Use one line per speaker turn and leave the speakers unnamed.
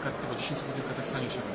kartkę, bo 10 sekund w Kazachstanie trzeba